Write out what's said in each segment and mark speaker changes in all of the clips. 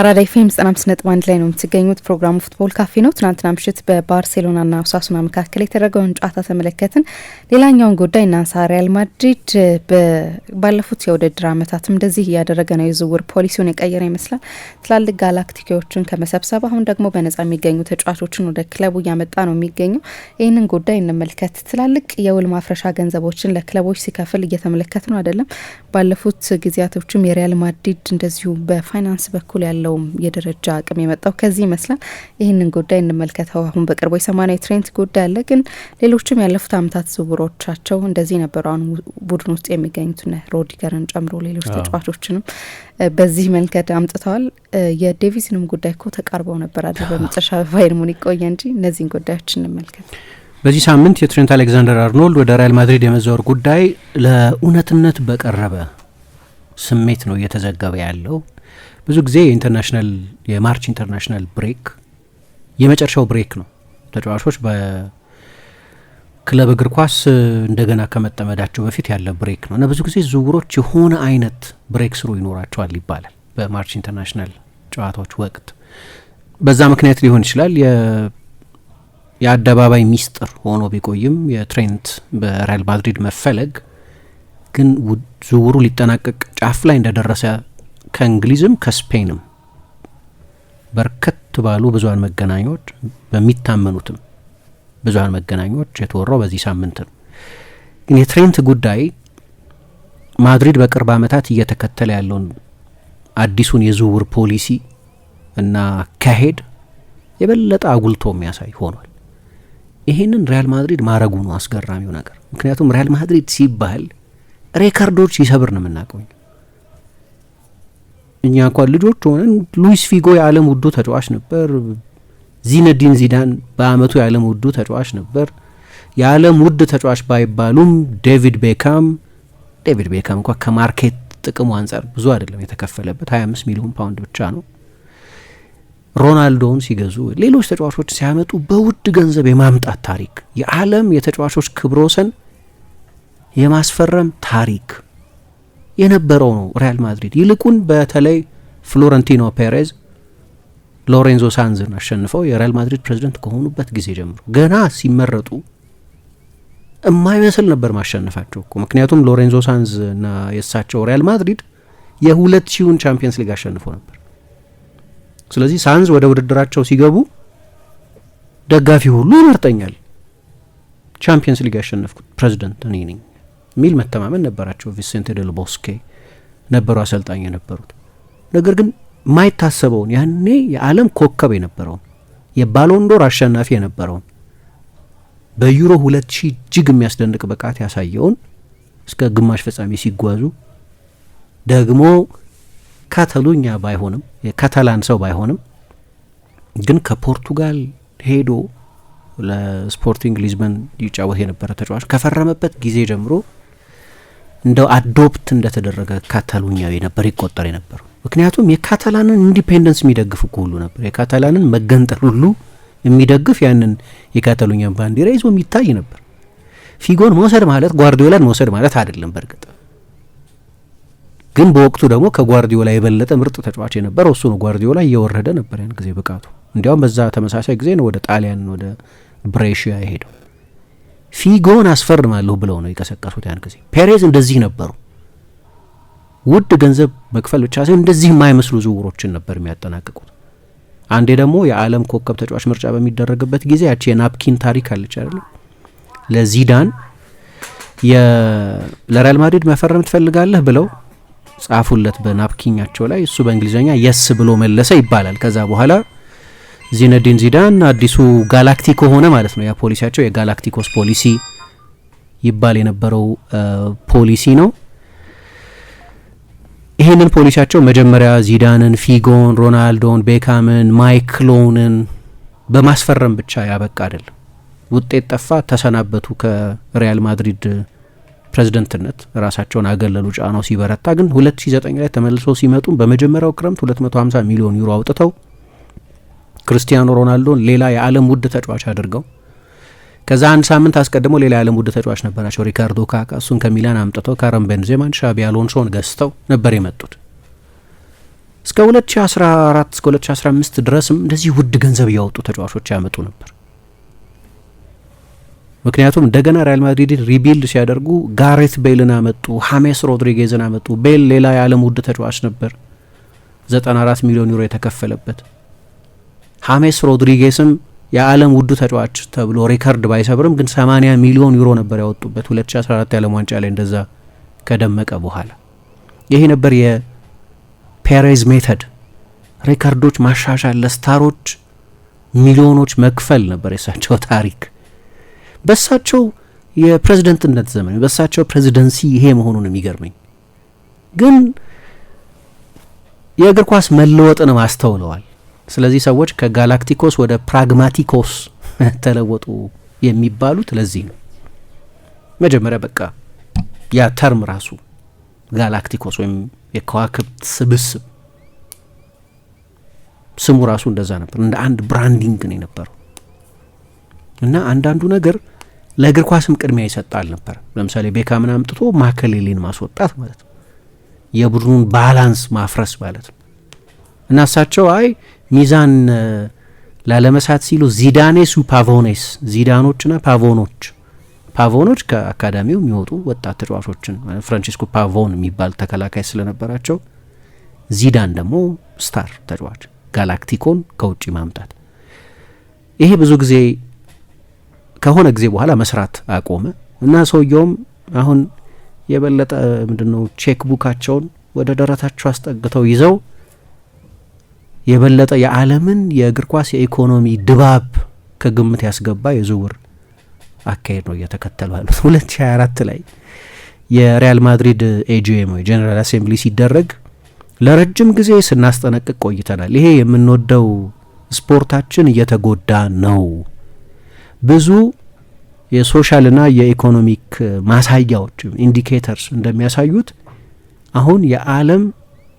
Speaker 1: አራዳ ኤፍኤም ዘጠና አምስት ነጥብ አንድ ላይ ነው የምትገኙት። ፕሮግራሙ ፉትቦል ካፌ ነው። ትናንትና ምሽት በባርሴሎናና ኦሳሱና መካከል የተደረገውን ጨዋታ ተመለከትን። ሌላኛውን ጉዳይ እናንሳ። ሪያል ማድሪድ ባለፉት የውድድር አመታትም እንደዚህ እያደረገ ነው የዝውውር ፖሊሲውን የቀየረ ይመስላል። ትላልቅ ጋላክቲኪዎችን ከመሰብሰብ አሁን ደግሞ በነጻ የሚገኙ ተጫዋቾችን ወደ ክለቡ እያመጣ ነው የሚገኘው። ይህንን ጉዳይ እንመልከት። ትላልቅ የውል ማፍረሻ ገንዘቦችን ለክለቦች ሲከፍል እየተመለከት ነው አይደለም። ባለፉት ጊዜያቶችም የሪያል ማድሪድ እንደዚሁ በፋይናንስ በኩል ያለው ያለውም የደረጃ አቅም የመጣው ከዚህ ይመስላል። ይህንን ጉዳይ እንመልከተው። አሁን በቅርቡ የሰማንያ የትሬንት ጉዳይ አለ፣ ግን ሌሎችም ያለፉት አመታት ዝውውሮቻቸው እንደዚህ ነበሩ። አሁን ቡድን ውስጥ የሚገኙትን ሮዲገርን ጨምሮ ሌሎች ተጫዋቾችንም በዚህ መንገድ አምጥተዋል። የዴቪስንም ጉዳይ እኮ ተቃርበው ነበር አለ በመጨረሻ ባየር ሙኒክ ቆየ እንጂ እነዚህን ጉዳዮች እንመልከት።
Speaker 2: በዚህ ሳምንት የትሬንት አሌክዛንደር አርኖልድ ወደ ሪያል ማድሪድ የመዛወር ጉዳይ ለእውነትነት በቀረበ ስሜት ነው እየተዘገበ ያለው። ብዙ ጊዜ የኢንተርናሽናል የማርች ኢንተርናሽናል ብሬክ የመጨረሻው ብሬክ ነው። ተጫዋቾች በክለብ እግር ኳስ እንደገና ከመጠመዳቸው በፊት ያለ ብሬክ ነው እና ብዙ ጊዜ ዝውውሮች የሆነ አይነት ብሬክ ስሩ ይኖራቸዋል ይባላል በማርች ኢንተርናሽናል ጨዋታዎች ወቅት። በዛ ምክንያት ሊሆን ይችላል የአደባባይ ሚስጥር ሆኖ ቢቆይም የትሬንት በሪያል ማድሪድ መፈለግ ግን ዝውውሩ ሊጠናቀቅ ጫፍ ላይ እንደደረሰ ከእንግሊዝም ከስፔንም በርከት ባሉ ብዙሀን መገናኛዎች በሚታመኑትም ብዙሀን መገናኛዎች የተወራው በዚህ ሳምንት ነው። ግን የትሬንት ጉዳይ ማድሪድ በቅርብ ዓመታት እየተከተለ ያለውን አዲሱን የዝውውር ፖሊሲ እና ካሄድ የበለጠ አጉልቶ የሚያሳይ ሆኗል። ይህንን ሪያል ማድሪድ ማድረጉ ነው አስገራሚው ነገር። ምክንያቱም ሪያል ማድሪድ ሲባል ሬከርዶች ይሰብር ነው የምናቀኝ እኛ እንኳን ልጆች ሆነን ሉዊስ ፊጎ የዓለም ውዱ ተጫዋች ነበር። ዚነዲን ዚዳን በአመቱ የዓለም ውዱ ተጫዋች ነበር። የዓለም ውድ ተጫዋች ባይባሉም ዴቪድ ቤካም ዴቪድ ቤካም እንኳ ከማርኬት ጥቅሙ አንጻር ብዙ አይደለም የተከፈለበት 25 ሚሊዮን ፓውንድ ብቻ ነው። ሮናልዶውን ሲገዙ ሌሎች ተጫዋቾች ሲያመጡ በውድ ገንዘብ የማምጣት ታሪክ የዓለም የተጫዋቾች ክብረ ወሰን የማስፈረም ታሪክ የነበረው ነው ሪያል ማድሪድ። ይልቁን በተለይ ፍሎረንቲኖ ፔሬዝ ሎሬንዞ ሳንዝን አሸንፈው የሪያል ማድሪድ ፕሬዚደንት ከሆኑበት ጊዜ ጀምሮ ገና ሲመረጡ እማይመስል ነበር ማሸነፋቸው እኮ ምክንያቱም ሎሬንዞ ሳንዝ እና የእሳቸው ሪያል ማድሪድ የሁለት ሺውን ቻምፒየንስ ሊግ አሸንፎ ነበር። ስለዚህ ሳንዝ ወደ ውድድራቸው ሲገቡ ደጋፊ ሁሉ ይመርጠኛል፣ ቻምፒየንስ ሊግ ያሸነፍኩት ፕሬዚደንት እኔ ነኝ የሚል መተማመን ነበራቸው። ቪሴንቴ ደል ቦስኬ ነበሩ አሰልጣኝ የነበሩት። ነገር ግን ማይታሰበውን ያኔ የዓለም ኮከብ የነበረውን የባሎንዶር አሸናፊ የነበረውን በዩሮ ሁለት ሺህ እጅግ የሚያስደንቅ ብቃት ያሳየውን እስከ ግማሽ ፍጻሜ ሲጓዙ ደግሞ ካታሉኛ ባይሆንም የካታላን ሰው ባይሆንም ግን ከፖርቱጋል ሄዶ ለስፖርቲንግ ሊዝበን ይጫወት የነበረ ተጫዋች ከፈረመበት ጊዜ ጀምሮ እንደው አዶፕት እንደተደረገ ካታሎኛዊ ነበር ይቆጠር የነበሩ ምክንያቱም የካታላንን ኢንዲፔንደንስ የሚደግፍ እኮ ሁሉ ነበር፣ የካታላንን መገንጠል ሁሉ የሚደግፍ ያንን የካታሎኛን ባንዲራ ይዞ የሚታይ ነበር። ፊጎን መውሰድ ማለት ጓርዲዮላን መውሰድ ማለት አይደለም። በእርግጥ ግን በወቅቱ ደግሞ ከጓርዲዮላ የበለጠ ምርጥ ተጫዋች የነበረው እሱ ነው። ጓርዲዮላ እየወረደ ነበር ያን ጊዜ ብቃቱ። እንዲያውም በዛ ተመሳሳይ ጊዜ ነው ወደ ጣሊያን ወደ ብሬሽያ የሄደው። ፊጎን አስፈርማለሁ ብለው ነው የቀሰቀሱት። ያን ጊዜ ፔሬዝ እንደዚህ ነበሩ። ውድ ገንዘብ መክፈል ብቻ ሳይሆን እንደዚህ የማይመስሉ ዝውውሮችን ነበር የሚያጠናቅቁት። አንዴ ደግሞ የዓለም ኮከብ ተጫዋች ምርጫ በሚደረግበት ጊዜ ያቺ የናፕኪን ታሪክ አለች አይደለ? ለዚዳን ለሪያል ማድሪድ መፈረም ትፈልጋለህ ብለው ጻፉለት በናፕኪኛቸው ላይ። እሱ በእንግሊዝኛ የስ ብሎ መለሰ ይባላል። ከዛ በኋላ ዚነዲን ዚዳን አዲሱ ጋላክቲኮ ሆነ ማለት ነው። ያ ፖሊሲያቸው የጋላክቲኮስ ፖሊሲ ይባል የነበረው ፖሊሲ ነው። ይህንን ፖሊሲያቸው መጀመሪያ ዚዳንን፣ ፊጎን፣ ሮናልዶን፣ ቤካምን፣ ማይክሎንን በማስፈረም ብቻ ያበቃ አይደለም። ውጤት ጠፋ፣ ተሰናበቱ ከሪያል ማድሪድ ፕሬዝደንትነት ራሳቸውን አገለሉ። ጫናው ሲበረታ ግን 2009 ላይ ተመልሶ ሲመጡ በመጀመሪያው ክረምት 250 ሚሊዮን ዩሮ አውጥተው ክርስቲያኖ ሮናልዶን ሌላ የዓለም ውድ ተጫዋች አድርገው ከዛ አንድ ሳምንት አስቀድሞ ሌላ የዓለም ውድ ተጫዋች ነበራቸው ሪካርዶ ካካ። እሱን ከሚላን አምጥተው ካረም ቤንዜማን፣ ሻቢ አሎንሶን ገዝተው ነበር የመጡት። እስከ 2014 እስከ 2015 ድረስም እንደዚህ ውድ ገንዘብ እያወጡ ተጫዋቾች ያመጡ ነበር። ምክንያቱም እንደገና ሪያል ማድሪድን ሪቢልድ ሲያደርጉ ጋሬት ቤልን አመጡ፣ ሀሜስ ሮድሪጌዝን አመጡ። ቤል ሌላ የዓለም ውድ ተጫዋች ነበር፣ 94 ሚሊዮን ዩሮ የተከፈለበት ሀሜስ ሮድሪጌስም የዓለም ውዱ ተጫዋች ተብሎ ሪከርድ ባይሰብርም ግን 80 ሚሊዮን ዩሮ ነበር ያወጡበት 2014 የዓለም ዋንጫ ላይ እንደዛ ከደመቀ በኋላ ይሄ ነበር የፔሬዝ ሜተድ። ሪከርዶች ማሻሻል፣ ለስታሮች ሚሊዮኖች መክፈል ነበር የሳቸው ታሪክ። በሳቸው የፕሬዝደንትነት ዘመን በሳቸው ፕሬዝደንሲ ይሄ መሆኑን የሚገርመኝ ግን የእግር ኳስ መለወጥንም አስተውለዋል። ስለዚህ ሰዎች ከጋላክቲኮስ ወደ ፕራግማቲኮስ ተለወጡ የሚባሉት ለዚህ ነው። መጀመሪያ በቃ ያ ተርም ራሱ ጋላክቲኮስ ወይም የከዋክብት ስብስብ ስሙ ራሱ እንደዛ ነበር። እንደ አንድ ብራንዲንግ ነው የነበረው እና አንዳንዱ ነገር ለእግር ኳስም ቅድሚያ ይሰጣል ነበር። ለምሳሌ ቤካምን አምጥቶ ማከሌሌን ማስወጣት ማለት ነው፣ የቡድኑን ባላንስ ማፍረስ ማለት ነው እና እሳቸው አይ ሚዛን ላለመሳት ሲሉ ዚዳኔሱ ፓቮኔስ ዚዳኖችና ፓቮኖች ፓቮኖች ከአካዳሚው የሚወጡ ወጣት ተጫዋቾችን ፍራንቺስኮ ፓቮን የሚባል ተከላካይ ስለነበራቸው ዚዳን ደግሞ ስታር ተጫዋች ጋላክቲኮን ከውጭ ማምጣት ይሄ ብዙ ጊዜ ከሆነ ጊዜ በኋላ መስራት አቆመ እና ሰውየውም አሁን የበለጠ ምንድነው ቼክ ቡካቸውን ወደ ደረታቸው አስጠግተው ይዘው የበለጠ የዓለምን የእግር ኳስ የኢኮኖሚ ድባብ ከግምት ያስገባ የዝውውር አካሄድ ነው እየተከተሉ ያሉት። 2024 ላይ የሪያል ማድሪድ ኤጂኤም ወይ ጀነራል አሴምብሊ ሲደረግ ለረጅም ጊዜ ስናስጠነቅቅ ቆይተናል። ይሄ የምንወደው ስፖርታችን እየተጎዳ ነው። ብዙ የሶሻልና የኢኮኖሚክ ማሳያዎች ኢንዲኬተርስ እንደሚያሳዩት አሁን የዓለም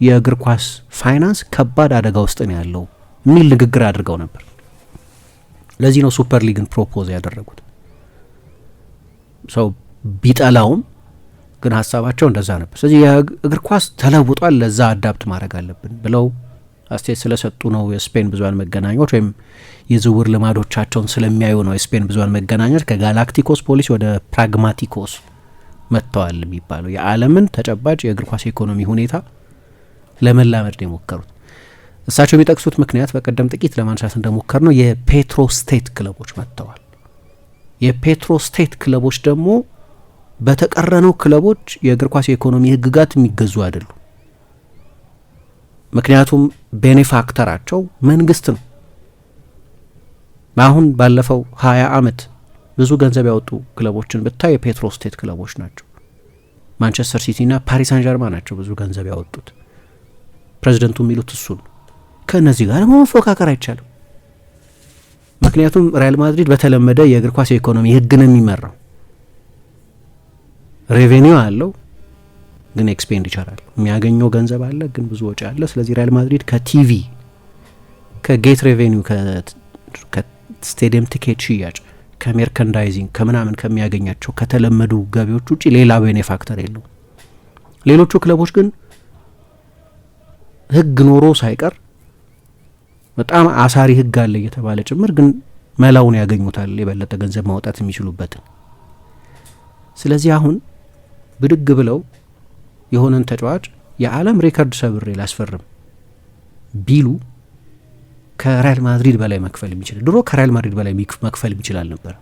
Speaker 2: የእግር ኳስ ፋይናንስ ከባድ አደጋ ውስጥ ነው ያለው የሚል ንግግር አድርገው ነበር። ለዚህ ነው ሱፐር ሊግን ፕሮፖዝ ያደረጉት። ሰው ቢጠላውም ግን ሀሳባቸው እንደዛ ነበር። ስለዚህ የእግር ኳስ ተለውጧል፣ ለዛ አዳፕት ማድረግ አለብን ብለው አስተያየት ስለሰጡ ነው የስፔን ብዙን መገናኛዎች ወይም የዝውውር ልማዶቻቸውን ስለሚያዩ ነው የስፔን ብዙን መገናኛዎች ከጋላክቲኮስ ፖሊሲ ወደ ፕራግማቲኮስ መጥተዋል የሚባለው የዓለምን ተጨባጭ የእግር ኳስ ኢኮኖሚ ሁኔታ ለመላመድ ነው የሞከሩት። እሳቸው የሚጠቅሱት ምክንያት በቀደም ጥቂት ለማንሳት እንደሞከር ነው የፔትሮ ስቴት ክለቦች መጥተዋል። የፔትሮ ስቴት ክለቦች ደግሞ በተቀረነው ክለቦች የእግር ኳስ የኢኮኖሚ ህግጋት የሚገዙ አይደሉ። ምክንያቱም ቤኔፋክተራቸው መንግስት ነው። አሁን ባለፈው ሀያ አመት ብዙ ገንዘብ ያወጡ ክለቦችን ብታይ የፔትሮ ስቴት ክለቦች ናቸው። ማንቸስተር ሲቲ ፓሪስ ሳን ጀርማ ናቸው ብዙ ገንዘብ ያወጡት። ፕሬዚደንቱ የሚሉት እሱ ነው። ከእነዚህ ጋር ደግሞ መፎካከር አይቻልም። ምክንያቱም ሪያል ማድሪድ በተለመደ የእግር ኳስ የኢኮኖሚ ህግ ነው የሚመራው። ሬቬኒው አለው ግን ኤክስፔንድ ይቻላል። የሚያገኘው ገንዘብ አለ ግን ብዙ ወጪ አለ። ስለዚህ ሪያል ማድሪድ ከቲቪ ከጌት ሬቬኒው ከስቴዲየም ቲኬት ሽያጭ ከሜርካንዳይዚንግ ከምናምን ከሚያገኛቸው ከተለመዱ ገቢዎች ውጭ ሌላ ቤኔፋክተር የለውም። ሌሎቹ ክለቦች ግን ህግ ኖሮ ሳይቀር በጣም አሳሪ ህግ አለ እየተባለ ጭምር ግን መላውን ያገኙታል የበለጠ ገንዘብ ማውጣት የሚችሉበትን። ስለዚህ አሁን ብድግ ብለው የሆነን ተጫዋች የዓለም ሬከርድ ሰብሬ ላስፈርም ቢሉ ከሪያል ማድሪድ በላይ መክፈል የሚችል ድሮ ከሪያል ማድሪድ በላይ መክፈል የሚችል አልነበር።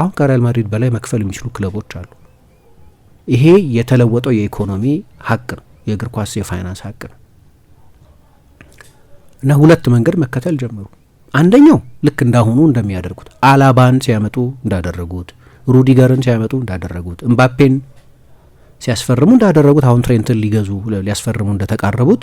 Speaker 2: አሁን ከሪያል ማድሪድ በላይ መክፈል የሚችሉ ክለቦች አሉ። ይሄ የተለወጠው የኢኮኖሚ ሀቅ ነው፣ የእግር ኳስ የፋይናንስ ሀቅ ነው። እና ሁለት መንገድ መከተል ጀመሩ። አንደኛው ልክ እንዳሁኑ እንደሚያደርጉት አላባን ሲያመጡ እንዳደረጉት፣ ሩዲገርን ሲያመጡ እንዳደረጉት፣ እምባፔን ሲያስፈርሙ እንዳደረጉት፣ አሁን ትሬንትን ሊገዙ ሊያስፈርሙ እንደተቃረቡት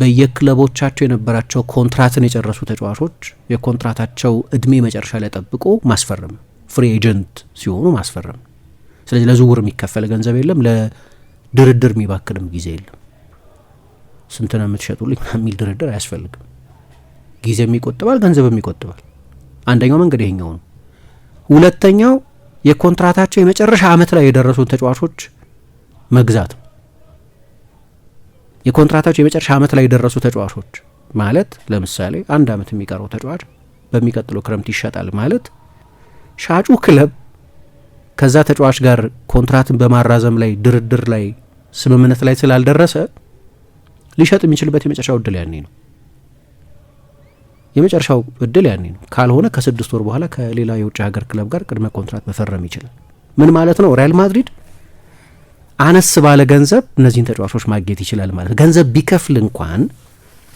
Speaker 2: በየክለቦቻቸው የነበራቸው ኮንትራትን የጨረሱ ተጫዋቾች የኮንትራታቸው እድሜ መጨረሻ ላይ ጠብቆ ማስፈረም፣ ፍሪ ኤጀንት ሲሆኑ ማስፈረም። ስለዚህ ለዝውውር የሚከፈል ገንዘብ የለም፣ ለድርድር የሚባክንም ጊዜ የለም። ስንት ነው የምትሸጡልኝ የሚል ድርድር አያስፈልግም። ጊዜም ይቆጥባል፣ ገንዘብም ይቆጥባል። አንደኛው መንገድ ይሄኛው ነው። ሁለተኛው የኮንትራታቸው የመጨረሻ አመት ላይ የደረሱን ተጫዋቾች መግዛት የኮንትራታቸው የመጨረሻ አመት ላይ የደረሱ ተጫዋቾች ማለት ለምሳሌ አንድ አመት የሚቀረው ተጫዋች በሚቀጥለው ክረምት ይሸጣል ማለት ሻጩ ክለብ ከዛ ተጫዋች ጋር ኮንትራትን በማራዘም ላይ ድርድር ላይ ስምምነት ላይ ስላልደረሰ ሊሸጥ የሚችልበት የመጨረሻው እድል ያኔ ነው። የመጨረሻው እድል ያኔ ነው። ካልሆነ ከስድስት ወር በኋላ ከሌላ የውጭ ሀገር ክለብ ጋር ቅድመ ኮንትራት መፈረም ይችላል። ምን ማለት ነው? ሪያል ማድሪድ አነስ ባለ ገንዘብ እነዚህን ተጫዋቾች ማግኘት ይችላል ማለት ነው። ገንዘብ ቢከፍል እንኳን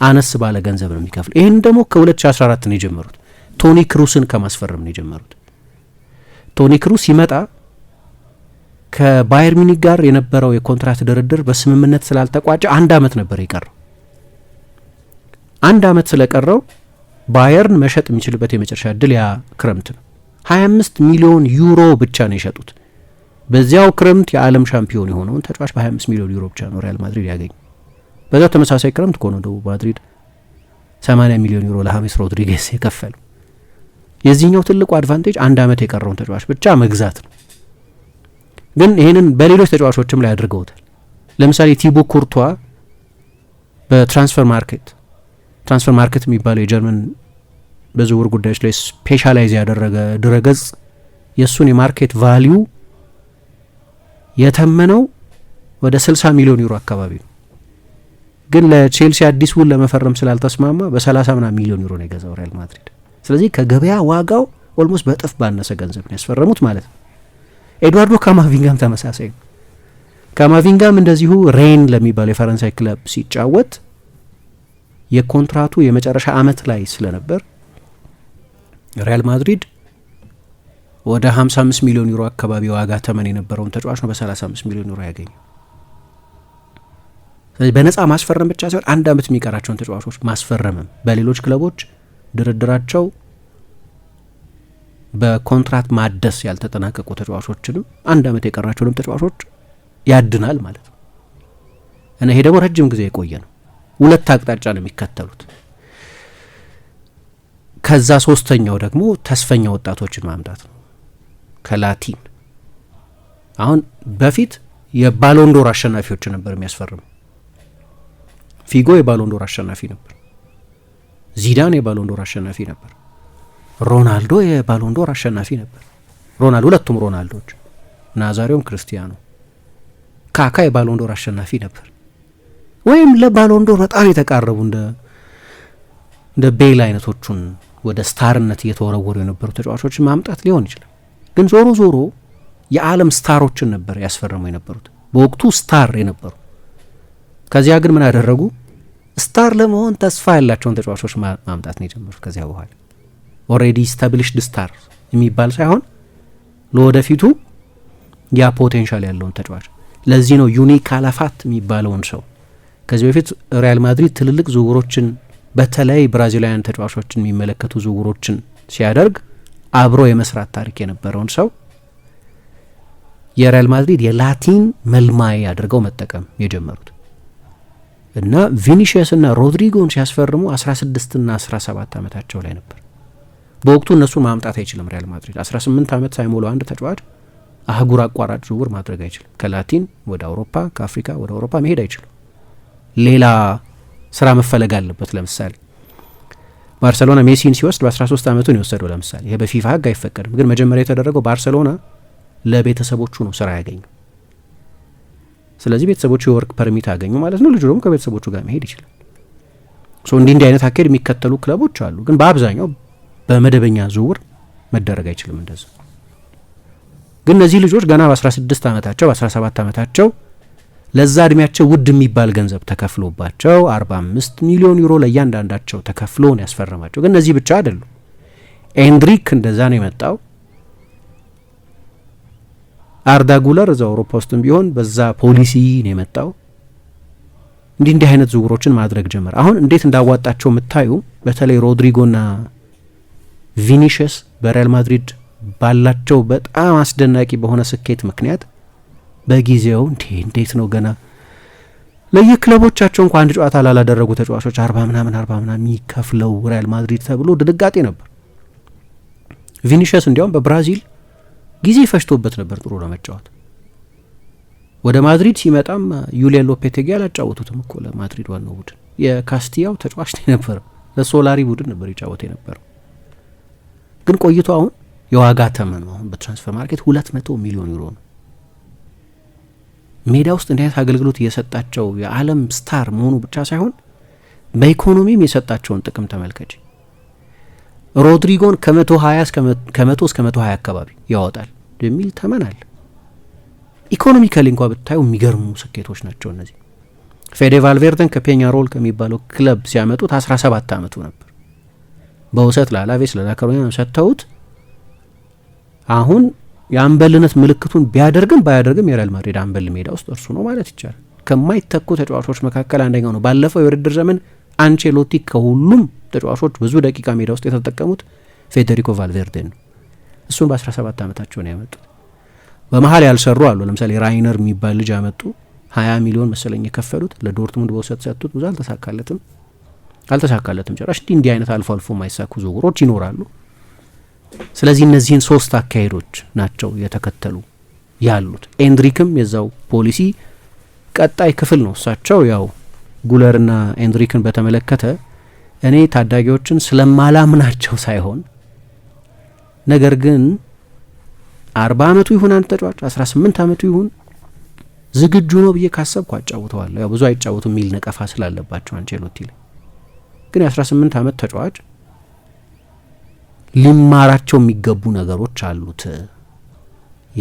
Speaker 2: አነስ ባለ ገንዘብ ነው የሚከፍል። ይህን ደግሞ ከ2014 ነው የጀመሩት። ቶኒ ክሩስን ከማስፈረም ነው የጀመሩት። ቶኒ ክሩስ ይመጣ ከባየር ሚኒክ ጋር የነበረው የኮንትራት ድርድር በስምምነት ስላልተቋጨ አንድ አመት ነበር የቀረው። አንድ አመት ስለቀረው ባየርን መሸጥ የሚችልበት የመጨረሻ እድል ያ ክረምት ነው። 25 ሚሊዮን ዩሮ ብቻ ነው የሸጡት። በዚያው ክረምት የዓለም ሻምፒዮን የሆነውን ተጫዋች በ25 ሚሊዮን ዩሮ ብቻ ነው ሪያል ማድሪድ ያገኘ በዛ ተመሳሳይ ክረምት ከሆነ ደቡብ ማድሪድ 80 ሚሊዮን ዩሮ ለሀሜስ ሮድሪጌስ የከፈሉ። የዚህኛው ትልቁ አድቫንቴጅ አንድ አመት የቀረውን ተጫዋች ብቻ መግዛት ነው። ግን ይህንን በሌሎች ተጫዋቾችም ላይ አድርገውታል። ለምሳሌ ቲቦ ኩርቷ በትራንስፈር ማርኬት ትራንስፈር ማርኬት የሚባለው የጀርመን በዝውውር ጉዳዮች ላይ ስፔሻላይዝ ያደረገ ድረገጽ የእሱን የማርኬት ቫሊዩ የተመነው ወደ 60 ሚሊዮን ዩሮ አካባቢ ነው። ግን ለቼልሲ አዲስ ውል ለመፈረም ስላልተስማማ በ30 ምና ሚሊዮን ዩሮ ነው የገዛው ሪያል ማድሪድ። ስለዚህ ከገበያ ዋጋው ኦልሞስት በእጥፍ ባነሰ ገንዘብ ነው ያስፈረሙት ማለት ነው። ኤድዋርዶ ካማቪንጋም ተመሳሳይ ነው። ካማቪንጋም እንደዚሁ ሬን ለሚባለው የፈረንሳይ ክለብ ሲጫወት የኮንትራቱ የመጨረሻ አመት ላይ ስለነበር ሪያል ማድሪድ ወደ 55 ሚሊዮን ዩሮ አካባቢ ዋጋ ተመን የነበረውን ተጫዋች ነው በ35 ሚሊዮን ዩሮ ያገኘው። ስለዚህ በነፃ ማስፈረም ብቻ ሳይሆን አንድ አመት የሚቀራቸውን ተጫዋቾች ማስፈረምም በሌሎች ክለቦች ድርድራቸው በኮንትራት ማደስ ያልተጠናቀቁ ተጫዋቾችንም አንድ አመት የቀራቸውንም ተጫዋቾች ያድናል ማለት ነው እና ይሄ ደግሞ ረጅም ጊዜ የቆየ ነው። ሁለት አቅጣጫ ነው የሚከተሉት። ከዛ ሶስተኛው ደግሞ ተስፈኛ ወጣቶችን ማምጣት ነው። ከላቲን አሁን በፊት የባሎንዶር አሸናፊዎች ነበር የሚያስፈርሙ። ፊጎ የባሎንዶር አሸናፊ ነበር። ዚዳን የባሎንዶር አሸናፊ ነበር። ሮናልዶ የባሎንዶር አሸናፊ ነበር። ሮናልዶ ሁለቱም ሮናልዶች ናዛሬውም ክርስቲያኖ ካካ የባሎንዶር አሸናፊ ነበር። ወይም ለባሎንዶር በጣም የተቃረቡ እንደ እንደ ቤል አይነቶቹን ወደ ስታርነት እየተወረወሩ የነበሩ ተጫዋቾችን ማምጣት ሊሆን ይችላል። ግን ዞሮ ዞሮ የዓለም ስታሮችን ነበር ያስፈረሙ የነበሩት በወቅቱ ስታር የነበሩ። ከዚያ ግን ምን አደረጉ? ስታር ለመሆን ተስፋ ያላቸውን ተጫዋቾች ማምጣት ነው የጀመሩት ከዚያ በኋላ ኦሬዲ ስታብሊሽድ ስታር የሚባል ሳይሆን ለወደፊቱ ያ ፖቴንሻል ያለውን ተጫዋች ለዚህ ነው ዩኒክ አላፋት የሚባለውን ሰው ከዚህ በፊት ሪያል ማድሪድ ትልልቅ ዝውውሮችን በተለይ ብራዚላውያን ተጫዋቾችን የሚመለከቱ ዝውውሮችን ሲያደርግ አብሮ የመስራት ታሪክ የነበረውን ሰው የሪያል ማድሪድ የላቲን መልማይ አድርገው መጠቀም የጀመሩት እና ቪኒሽየስ እና ሮድሪጎን ሲያስፈርሙ 16ና 17 ዓመታቸው ላይ ነበር። በወቅቱ እነሱን ማምጣት አይችልም ሪያል ማድሪድ 18 ዓመት ሳይሞላው አንድ ተጫዋች አህጉር አቋራጭ ዝውውር ማድረግ አይችልም። ከላቲን ወደ አውሮፓ ከአፍሪካ ወደ አውሮፓ መሄድ አይችልም። ሌላ ስራ መፈለግ አለበት። ለምሳሌ ባርሰሎና ሜሲን ሲወስድ በ13 ዓመቱ ነው የወሰደው። ለምሳሌ ይሄ በፊፋ ህግ አይፈቀድም፣ ግን መጀመሪያ የተደረገው ባርሰሎና ለቤተሰቦቹ ነው ስራ ያገኘው። ስለዚህ ቤተሰቦቹ የወርቅ ፐርሚት አገኙ ማለት ነው። ልጁ ደግሞ ከቤተሰቦቹ ጋር መሄድ ይችላል። እንዲህ እንዲህ አይነት አካሄድ የሚከተሉ ክለቦች አሉ፣ ግን በአብዛኛው በመደበኛ ዝውውር መደረግ አይችልም። እንደዛ ግን እነዚህ ልጆች ገና በ16 ዓመታቸው በ17 ዓመታቸው ለዛ እድሜያቸው ውድ የሚባል ገንዘብ ተከፍሎባቸው 45 ሚሊዮን ዩሮ ለእያንዳንዳቸው ተከፍሎ ነው ያስፈረማቸው። ግን እነዚህ ብቻ አይደሉም። ኤንድሪክ እንደዛ ነው የመጣው። አርዳ ጉለር እዛ አውሮፓ ውስጥም ቢሆን በዛ ፖሊሲ ነው የመጣው። እንዲህ እንዲህ አይነት ዝውውሮችን ማድረግ ጀመር። አሁን እንዴት እንዳዋጣቸው የምታዩ በተለይ ሮድሪጎና ቪኒሽስ በሪያል ማድሪድ ባላቸው በጣም አስደናቂ በሆነ ስኬት ምክንያት በጊዜው እንዴ እንዴት ነው ገና ለየክለቦቻቸው እንኳ አንድ ጨዋታ ላላደረጉ ተጫዋቾች አርባ ምናምን አርባ ምናምን የሚከፍለው ሪያል ማድሪድ ተብሎ ድንጋጤ ነበር። ቪኒሸስ እንዲያውም በብራዚል ጊዜ ፈጅቶበት ነበር ጥሩ ለመጫወት። ወደ ማድሪድ ሲመጣም ዩሊያን ሎፔቴጊ አላጫወቱትም እኮ ለማድሪድ ዋናው ቡድን የካስቲያው ተጫዋች የነበረ ለሶላሪ ቡድን ነበር ይጫወት የነበረው። ግን ቆይቶ አሁን የዋጋ ተመኑ አሁን በትራንስፈር ማርኬት ሁለት መቶ ሚሊዮን ዩሮ ነው። ሜዳ ውስጥ እንዲህ አይነት አገልግሎት እየሰጣቸው የዓለም ስታር መሆኑ ብቻ ሳይሆን በኢኮኖሚም የሰጣቸውን ጥቅም ተመልከች። ሮድሪጎን ከመቶ ሀያ ከመቶ እስከ መቶ ሀያ አካባቢ ያወጣል የሚል ተመን አለ። ኢኮኖሚካሊ እንኳ ብታዩ የሚገርሙ ስኬቶች ናቸው እነዚህ። ፌዴ ቫልቬርደን ከፔኛ ሮል ከሚባለው ክለብ ሲያመጡት አስራ ሰባት አመቱ ነበር። በውሰት ለአላቬስ ለላከሮኛ ሰጥተውት አሁን የአምበልነት ምልክቱን ቢያደርግም ባያደርግም የሪያል ማድሪድ አምበል ሜዳ ውስጥ እርሱ ነው ማለት ይቻላል። ከማይተኩ ተጫዋቾች መካከል አንደኛው ነው። ባለፈው የውድድር ዘመን አንቼሎቲ ከሁሉም ተጫዋቾች ብዙ ደቂቃ ሜዳ ውስጥ የተጠቀሙት ፌዴሪኮ ቫልቬርዴን ነው። እሱን በ17 ዓመታቸው ነው ያመጡት። በመሀል ያልሰሩ አሉ። ለምሳሌ ራይነር የሚባል ልጅ አመጡ። 20 ሚሊዮን መሰለኝ የከፈሉት ለዶርትሙንድ በውሰት ሰጡት። ብዙ አልተሳካለትም። አልተሳካለትም ጭራሽ። እንዲህ እንዲህ አይነት አልፎ አልፎ የማይሳኩ ዝውውሮች ይኖራሉ። ስለዚህ እነዚህን ሶስት አካሄዶች ናቸው የተከተሉ ያሉት። ኤንድሪክም የዛው ፖሊሲ ቀጣይ ክፍል ነው። እሳቸው ያው ጉለርና ኤንድሪክን በተመለከተ እኔ ታዳጊዎችን ስለማላምናቸው ሳይሆን ነገር ግን አርባ አመቱ ይሁን አንድ ተጫዋች አስራ ስምንት አመቱ ይሁን ዝግጁ ነው ብዬ ካሰብኩ አጫውተዋለሁ። ያው ብዙ አይጫወቱ የሚል ነቀፋ ስላለባቸው አንቸሎቲ ላይ ግን የ18 ዓመት ተጫዋች ሊማራቸው የሚገቡ ነገሮች አሉት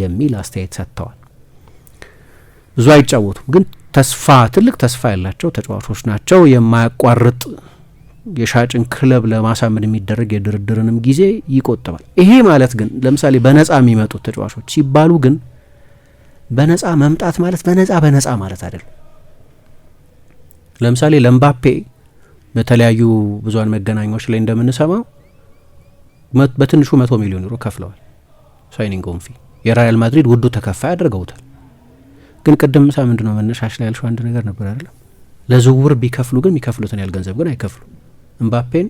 Speaker 2: የሚል አስተያየት ሰጥተዋል። ብዙ አይጫወቱም፣ ግን ተስፋ ትልቅ ተስፋ ያላቸው ተጫዋቾች ናቸው። የማያቋርጥ የሻጭን ክለብ ለማሳመን የሚደረግ የድርድርንም ጊዜ ይቆጥባል። ይሄ ማለት ግን ለምሳሌ በነጻ የሚመጡት ተጫዋቾች ሲባሉ ግን በነጻ መምጣት ማለት በነጻ በነጻ ማለት አይደለም። ለምሳሌ ለምባፔ በተለያዩ ብዙሀን መገናኛዎች ላይ እንደምንሰማው በትንሹ መቶ ሚሊዮን ዩሮ ከፍለዋል። ሳይኒንግ ፊ የሪያል ማድሪድ ውዱ ተከፋይ አድርገውታል። ግን ቅድም ሳ ምንድን ነው መነሻሽ ላይ ያልሽው አንድ ነገር ነበር አይደለም? ለዝውውር ቢከፍሉ ግን የሚከፍሉትን ያህል ገንዘብ ግን አይከፍሉ። እምባፔን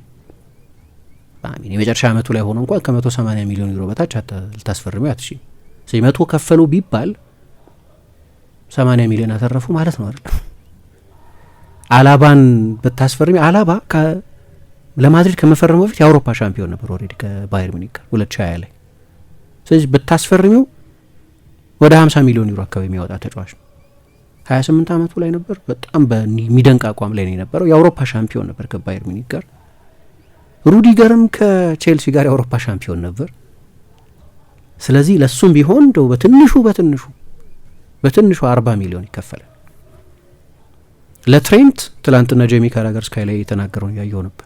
Speaker 2: ሚን የመጨረሻ አመቱ ላይ ሆኖ እንኳን ከመቶ ሰማኒያ ሚሊዮን ዩሮ በታች ልታስፈርሚው አትችይም። መቶ ከፈሉ ቢባል ሰማኒያ ሚሊዮን አተረፉ ማለት ነው አይደለም? አላባን ብታስፈርሚ አላባ ለማድሪድ ከመፈረሙ በፊት የአውሮፓ ሻምፒዮን ነበር ኦልሬዲ ከባየር ሚኒክ ጋር ሁለት ሺ ሀያ ላይ ስለዚህ ብታስፈርሚው ወደ ሀምሳ ሚሊዮን ዩሮ አካባቢ የሚያወጣ ተጫዋች ነው። ሀያ ስምንት አመቱ ላይ ነበር። በጣም በሚደንቅ አቋም ላይ ነው የነበረው። የአውሮፓ ሻምፒዮን ነበር ከባየር ሚኒክ ጋር። ሩዲገርም ከቼልሲ ጋር የአውሮፓ ሻምፒዮን ነበር። ስለዚህ ለእሱም ቢሆን እንደው በትንሹ በትንሹ በትንሹ አርባ ሚሊዮን ይከፈላል። ለትሬንት ትላንትና ጄሚ ካራገር ስካይ ላይ የተናገረውን ያየው ነበር።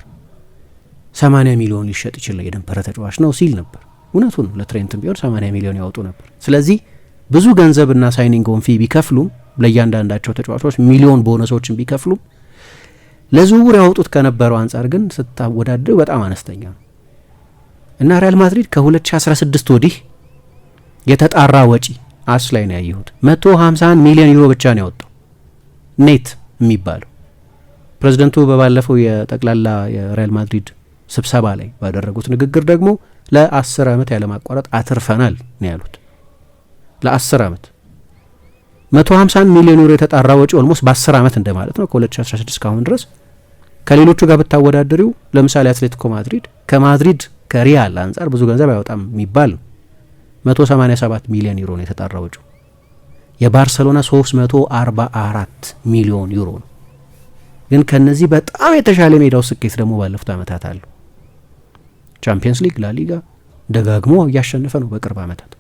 Speaker 2: ሰማንያ ሚሊዮን ሊሸጥ ይችል የነበረ ተጫዋች ነው ሲል ነበር። እውነቱ ነው። ለትሬንትም ቢሆን ሰማንያ ሚሊዮን ያወጡ ነበር። ስለዚህ ብዙ ገንዘብና ሳይኒንግ ኦን ፊ ቢከፍሉም ለእያንዳንዳቸው ተጫዋቾች ሚሊዮን ቦነሶችን ቢከፍሉም ለዝውውር ያወጡት ከነበረው አንጻር ግን ስታወዳድር በጣም አነስተኛ ነው እና ሪያል ማድሪድ ከ2016 ወዲህ የተጣራ ወጪ አስ ላይ ነው ያየሁት 151 ሚሊዮን ዩሮ ብቻ ነው ያወጣው ኔት የሚባለው። ፕሬዚደንቱ በባለፈው የጠቅላላ የሪያል ማድሪድ ስብሰባ ላይ ባደረጉት ንግግር ደግሞ ለአስር ዓመት ያለማቋረጥ አትርፈናል ነው ያሉት። ለአስር ዓመት 150 ሚሊዮን ዩሮ የተጣራ ወጪ ኦልሞስት በአስር ዓመት እንደማለት ነው አስራ ስድስት እስካሁን ድረስ ከሌሎቹ ጋር ብታወዳደሪው ለምሳሌ አትሌቲኮ ማድሪድ ከማድሪድ ከሪያል አንጻር ብዙ ገንዘብ አይወጣም የሚባል ነው። ሰባት ሚሊዮን ዩሮ ነው የተጣራ ወጪው። የባርሰሎና 344 ሚሊዮን ዩሮ ነው። ግን ከነዚህ በጣም የተሻለ ሜዳው ስኬት ደግሞ ባለፉት ዓመታት አሉ። ቻምፒየንስ ሊግ፣ ላሊጋ ደጋግሞ እያሸነፈ ነው በቅርብ ዓመታት።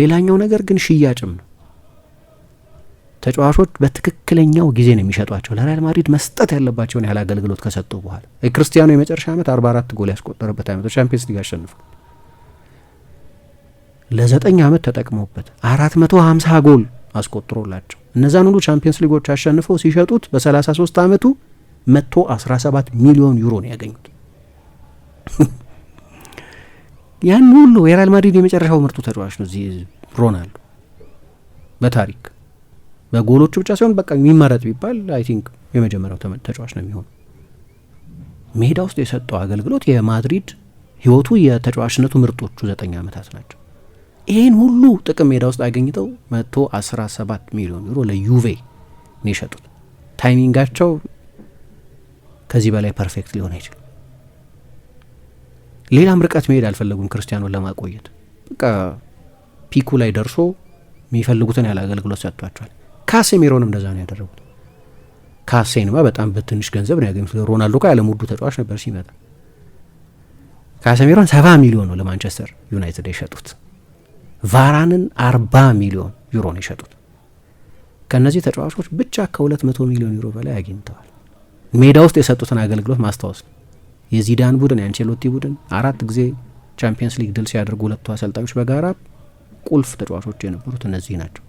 Speaker 2: ሌላኛው ነገር ግን ሽያጭም ነው። ተጫዋቾች በትክክለኛው ጊዜ ነው የሚሸጧቸው። ለሪያል ማድሪድ መስጠት ያለባቸውን ያህል አገልግሎት ከሰጡ በኋላ የክርስቲያኖ የመጨረሻ ዓመት 44 ጎል ያስቆጠረበት ዓመት ቻምፒየንስ ሊግ አሸንፏል። ለዘጠኝ ዓመት ተጠቅመውበት ሀምሳ ጎል አስቆጥሮላቸው እነዛን ሁሉ ቻምፒየንስ ሊጎች አሸንፈው ሲሸጡት በ33 ዓመቱ 17 ሚሊዮን ዩሮ ነው ያገኙት። ያን ሁሉ የሪያል ማድሪድ የመጨረሻው ምርጡ ተጫዋች ነው እዚህ ሮናልዶ በታሪክ በጎሎቹ ብቻ ሳይሆን በቃ የሚመረጥ ቢባል አይ ቲንክ የመጀመሪያው ተጫዋች ነው የሚሆኑ ሜዳ ውስጥ የሰጠው አገልግሎት የማድሪድ ህይወቱ የተጫዋችነቱ ምርጦቹ ዘጠኝ ዓመታት ናቸው። ይሄን ሁሉ ጥቅም ሜዳ ውስጥ አገኝተው መቶ አስራ ሰባት ሚሊዮን ዩሮ ለዩቬ ነው የሸጡት። ታይሚንጋቸው ከዚህ በላይ ፐርፌክት ሊሆን አይችልም። ሌላም ርቀት መሄድ አልፈለጉም ክርስቲያኖን ለማቆየት በቃ ፒኩ ላይ ደርሶ የሚፈልጉትን ያለ አገልግሎት ሰጥቷቸዋል። ካሴሚሮንም እንደዛ ነው ያደረጉት። ካሴንማ በጣም በትንሽ ገንዘብ ነው ያገኙት። ሮናልዶ ካ ያለ ሙዱ ተጫዋች ነበር ሲመጣ። ካሴሚሮን ሰባ ሚሊዮን ነው ለማንቸስተር ዩናይትድ የሸጡት። ቫራንን አርባ ሚሊዮን ዩሮ ነው የሸጡት። ከእነዚህ ተጫዋቾች ብቻ ከሁለት መቶ ሚሊዮን ዩሮ በላይ አግኝተዋል። ሜዳ ውስጥ የሰጡትን አገልግሎት ማስታወስ ነው። የዚዳን ቡድን የአንቸሎቲ ቡድን አራት ጊዜ ቻምፒየንስ ሊግ ድል ሲያደርጉ ሁለቱ አሰልጣኞች በጋራ ቁልፍ ተጫዋቾች የነበሩት እነዚህ ናቸው።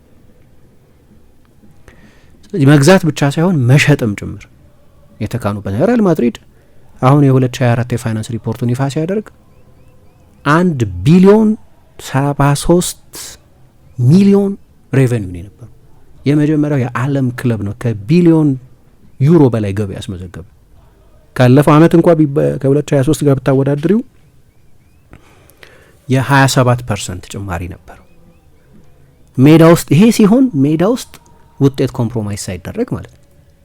Speaker 2: ስለዚህ መግዛት ብቻ ሳይሆን መሸጥም ጭምር የተካኑበት ሪያል ማድሪድ አሁን የ2024 የፋይናንስ ሪፖርቱን ይፋ ሲያደርግ አንድ ቢሊዮን 73 ሚሊዮን ሬቨኒው ነው የነበረው። የመጀመሪያው የዓለም ክለብ ነው ከቢሊዮን ዩሮ በላይ ገቢ ያስመዘገበ። ካለፈው አመት እንኳ ከ2023 ጋር ብታወዳድሪው የ27 ፐርሰንት ጭማሪ ነበረው። ሜዳ ውስጥ ይሄ ሲሆን ሜዳ ውስጥ ውጤት ኮምፕሮማይዝ ሳይደረግ ማለት ነው፣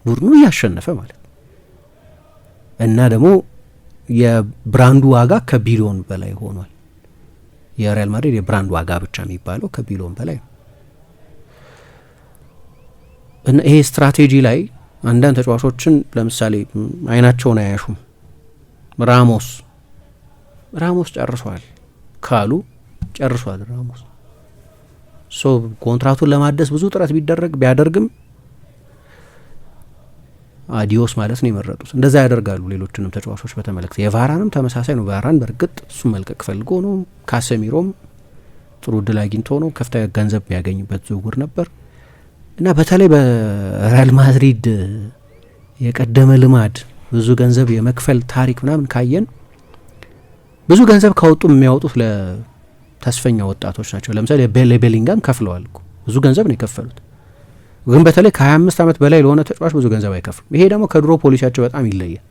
Speaker 2: ቡድኑ እያሸነፈ ማለት ነው እና ደግሞ የብራንዱ ዋጋ ከቢሊዮን በላይ ሆኗል። የሪያል ማድሪድ የብራንድ ዋጋ ብቻ የሚባለው ከቢሊዮን በላይ ነው እና ይሄ ስትራቴጂ ላይ አንዳንድ ተጫዋቾችን ለምሳሌ አይናቸውን አያሹም። ራሞስ ራሞስ ጨርሷል ካሉ ጨርሷል ራሞስ ሶ ኮንትራቱን ለማደስ ብዙ ጥረት ቢደረግ ቢያደርግም አዲዮስ ማለት ነው የመረጡት። እንደዛ ያደርጋሉ ሌሎችንም ተጫዋቾች በተመለከተ የቫራንም ተመሳሳይ ነው። ቫራን በእርግጥ እሱ መልቀቅ ፈልጎ ነው። ካሰሚሮም ጥሩ እድል አግኝቶ ነው። ከፍተኛ ገንዘብ የሚያገኝበት ዝውውር ነበር እና በተለይ በሪያል ማድሪድ የቀደመ ልማድ ብዙ ገንዘብ የመክፈል ታሪክ ምናምን ካየን ብዙ ገንዘብ ካወጡ የሚያወጡት ለተስፈኛ ወጣቶች ናቸው። ለምሳሌ ለቤሊንጋም ከፍለዋል። ብዙ ገንዘብ ነው የከፈሉት ግን በተለይ ከ25 ዓመት በላይ ለሆነ ተጫዋች ብዙ ገንዘብ አይከፍሉም። ይሄ ደግሞ ከድሮ ፖሊሲያቸው በጣም ይለያል።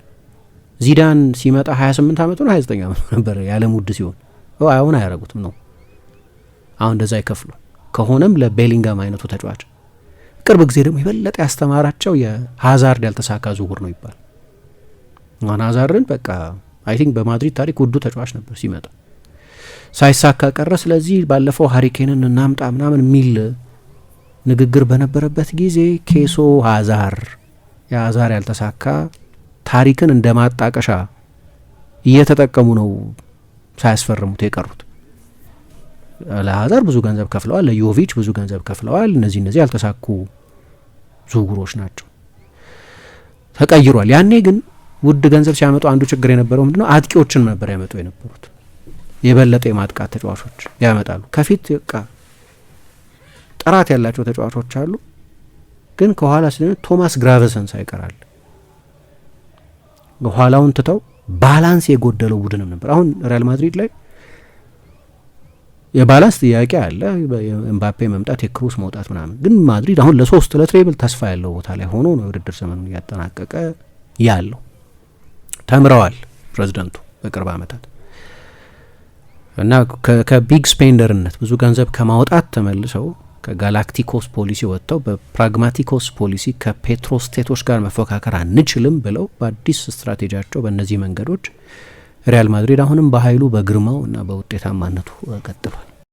Speaker 2: ዚዳን ሲመጣ 28 ዓመቱ ነው 29 ዓመቱ ነበር የዓለም ውድ ሲሆን፣ አሁን አያረጉትም ነው አሁን እንደዛ አይከፍሉ ከሆነም ለቤሊንጋም አይነቱ ተጫዋች ቅርብ ጊዜ ደግሞ የበለጠ ያስተማራቸው የሀዛርድ ያልተሳካ ዝውውር ነው ይባል አሁን ሀዛርድን በቃ አይ ቲንክ በማድሪድ ታሪክ ውዱ ተጫዋች ነበር ሲመጣ ሳይሳካ ቀረ። ስለዚህ ባለፈው ሀሪኬንን እናምጣ ምናምን የሚል ንግግር በነበረበት ጊዜ ኬሶ ሀዛር የሀዛር ያልተሳካ ታሪክን እንደ ማጣቀሻ እየተጠቀሙ ነው ሳያስፈርሙት የቀሩት። ለሀዛር ብዙ ገንዘብ ከፍለዋል፣ ለዮቪች ብዙ ገንዘብ ከፍለዋል። እነዚህ እነዚህ ያልተሳኩ ዝውውሮች ናቸው። ተቀይሯል። ያኔ ግን ውድ ገንዘብ ሲያመጡ አንዱ ችግር የነበረው ምንድነው? አጥቂዎችን ነበር ያመጡ የነበሩት። የበለጠ የማጥቃት ተጫዋቾች ያመጣሉ ከፊት ጥራት ያላቸው ተጫዋቾች አሉ። ግን ከኋላ ስለ ቶማስ ግራቨሰን ሳይቀራል ኋላውን ትተው ባላንስ የጎደለው ቡድንም ነበር። አሁን ሪያል ማድሪድ ላይ የባላንስ ጥያቄ አለ። የኤምባፔ መምጣት፣ የክሩስ መውጣት ምናምን፣ ግን ማድሪድ አሁን ለሶስት ለትሬብል ተስፋ ያለው ቦታ ላይ ሆኖ ነው የውድድር ዘመኑን እያጠናቀቀ ያለው። ተምረዋል ፕሬዚደንቱ በቅርብ ዓመታት እና ከቢግ ስፔንደርነት ብዙ ገንዘብ ከማውጣት ተመልሰው ከጋላክቲኮስ ፖሊሲ ወጥተው በፕራግማቲኮስ ፖሊሲ ከፔትሮ ስቴቶች ጋር መፎካከር አንችልም ብለው በአዲስ ስትራቴጂያቸው በእነዚህ መንገዶች ሪያል ማድሪድ አሁንም በኃይሉ በግርማው እና በውጤታማነቱ ቀጥሏል።